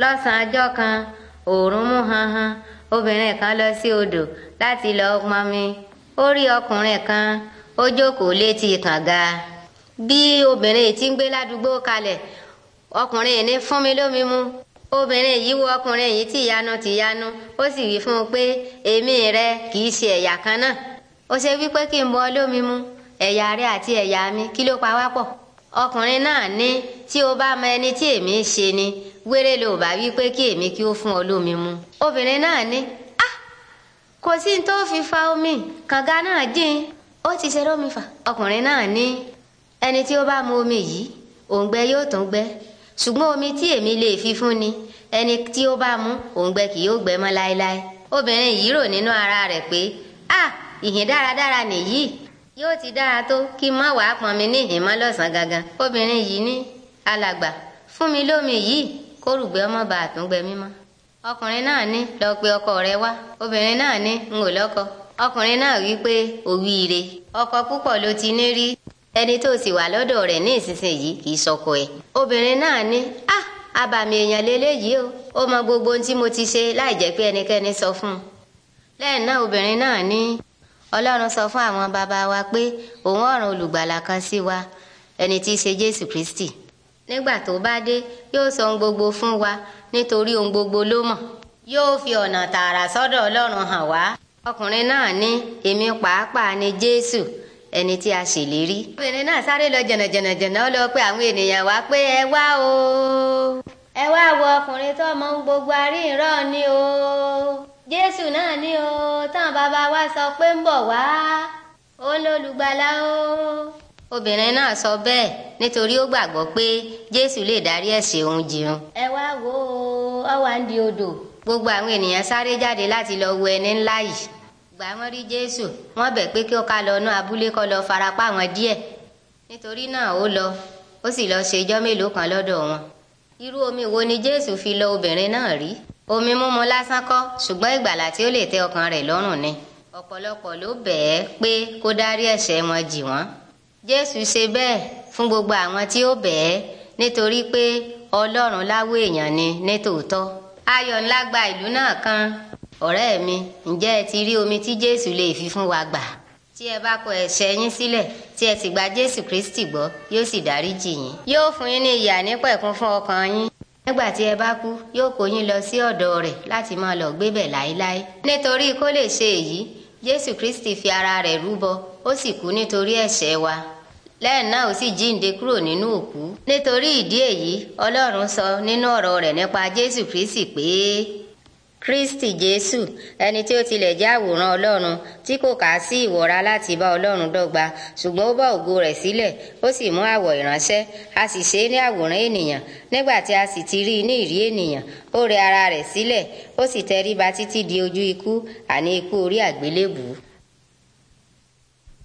lọ́sàn-án ọjọ́ kan oòrùn mú hanhan obìnrin kan lọ sí odò láti lọ pọnmi ó rí ọkùnrin kan ó jókòó létí kànga bí obìnrin tí ń gbé ládùúgbò kalẹ̀ ọkùnrin yìí ní fún mi lómi mu obìnrin yìí wo ọkùnrin yìí tìyanu tìyanu ó sì wí fún un pé èmi rẹ kì ṣe ẹ̀yà kan náà ó ṣe wípé kí n bọ lómi mu ẹ̀yà rẹ àti ẹ̀yà mi kí ló pa wá pọ̀ ọkùnrin náà ní tí o bá mọ ẹni tí èmi ń ṣe ni wéré ló bá wí pé kí èmi kí ó fún ọ mu obìnrin náà ní ah kò sí tó fi fa omi kànga náà dín ó ti ṣe lómi fà ọkùnrin náà ní ẹni tí ó bá mu omi yìí òǹgbẹ yóò tún gbẹ ṣùgbọ́n omi tí èmi lè fi fún ni ẹni tí ó bá mu òǹgbẹ kì yóò gbẹ mọ́ láéláé obìnrin yìí rò nínú ara rẹ̀ pé ah ìhìn dáradára nìyí yóò ti dára tó kí n má wàá pọn mi ní ìhìnmọ́ lọ́sàn-án gangan obìnrin yìí ní alàgbà fún mi lómi yìí kórùgbẹ́ ọmọ bá àtúngbẹ mímọ́ ọkùnrin náà ní lọ pe ọkọ rẹ wá obìnrin náà ní n ò lọ́kọ ọkùnrin náà wí pé òwíire ọkọ púpọ̀ ló ti ní rí ẹni tó sì wà lọ́dọ̀ rẹ̀ ní ìsinsìnyí kì í sọkọ ẹ̀ obìnrin náà ní à ah! abàmì èèyàn lélẹ́yìí o ó mọ gbogbo ohun tí mo ti ṣe láì jẹ́ pé ẹnikẹ́ni sọ fún un lẹ́yìn náà obìnrin náà ní ọlọ́run sọ fún àwọn bàbá wa pé òun ọ̀ràn olùgbàlà kan sí wa ẹni tí í ṣe jésù kristi nígbà tó bá dé yóò sọ ohun gbogbo fún wa nítorí ohun gbogbo ló mọ̀ yóò fi ọ̀nà tààrà sọ́dọ̀ ọlọ́run hàn wá ọkùnrin náà ní èmi pàápàá ni jésù ẹni tí a ṣèlérí. obìnrin náà sáré lọ jẹ̀nàjẹ̀nàjẹ̀nà ó lọ pé àwọn ènìyàn wá pé ẹ wá o ẹ wá wo ọkùnrin tó mọ gbogbo àríyìnrán ni o jésù náà ni o táwọn bàbá wa sọ pé ń bọ̀ wá ó lólùgbàlà o. obìnrin náà sọ bẹ́ẹ̀ nítorí ó gbàgbọ́ pé jésù lè dárí ẹ̀ṣẹ̀ òun jìun. ẹ wá wo ọ̀wáǹdì odò. gbogbo àwọn ènìyàn sáré jáde láti lọ wo ẹni ńlá yìí gbà wọ́n rí jésù wọ́n bẹ̀ pé kí ó ká lọ ná abúlé kó lọ farapa wọn díẹ̀ nítorí náà ó lọ ó sì lọ ṣèjọ́ mélòó kan lọ́dọ̀ wọn irú omi wo ni jésù fi lọ obìnrin náà rí omi mímu lásán kọ́ ṣùgbọ́n ìgbàlà tí ó lè tẹ́ ọkàn rẹ̀ lọ́rùn ni ọ̀pọ̀lọpọ̀ ló bẹ̀ẹ́ pé kó dárí ẹ̀ṣẹ̀ wọn jì wọ́n jésù ṣe bẹ́ẹ̀ fún gbogbo àwọn tí ó bẹ̀ẹ́ nítorí pé ọlọ́run láwọ èèyàn ni nítòótọ́ ayọ̀ ńlá gba ìlú náà kan ọ̀rẹ́ mi ǹjẹ́ ẹ ti rí omi tí jésù lè fi fún wa gbà tí ẹ bá kọ ẹ̀ṣẹ̀ yín sílẹ̀ tí ẹ sì gba jésù kristi gbọ́ yóò sì dáríjì yín yóò fún yín ní ìyà nípẹ̀kún fún ọkàn yín nígbà tí ẹ bá kú yóò kó yín lọ sí ọ̀dọ̀ rẹ̀ láti máa lọ gbébẹ̀ láéláé nítorí kó lè ṣe èyí jésù kristi fi ara rẹ̀ rúbọ ó sì kú nítorí ẹ̀ṣẹ̀ wa lẹ́yìn náà ó sì jíǹde kúrò nínú òkú nítorí ìdí èyí ọlọ́run sọ nínú ọ̀rọ̀ rẹ̀ nípa jésù kristi pé kristi jésù ẹni tí ó tilẹ̀ jẹ́ àwòrán ọlọ́run tí kò kà á sí ìwọra láti bá ọlọ́run dọ́gba ṣùgbọ́n ó bá ògo rẹ̀ sílẹ̀ ó sì mú àwọ̀ ìránṣẹ́ a sì ṣe é ní àwòrán ènìyàn nígbà tí a sì ti rí i ní ìrí ènìyàn ó rẹ ara rẹ̀ sílẹ̀ ó sì tẹríba títí di ojú ikú àní ikú orí àgbélébùú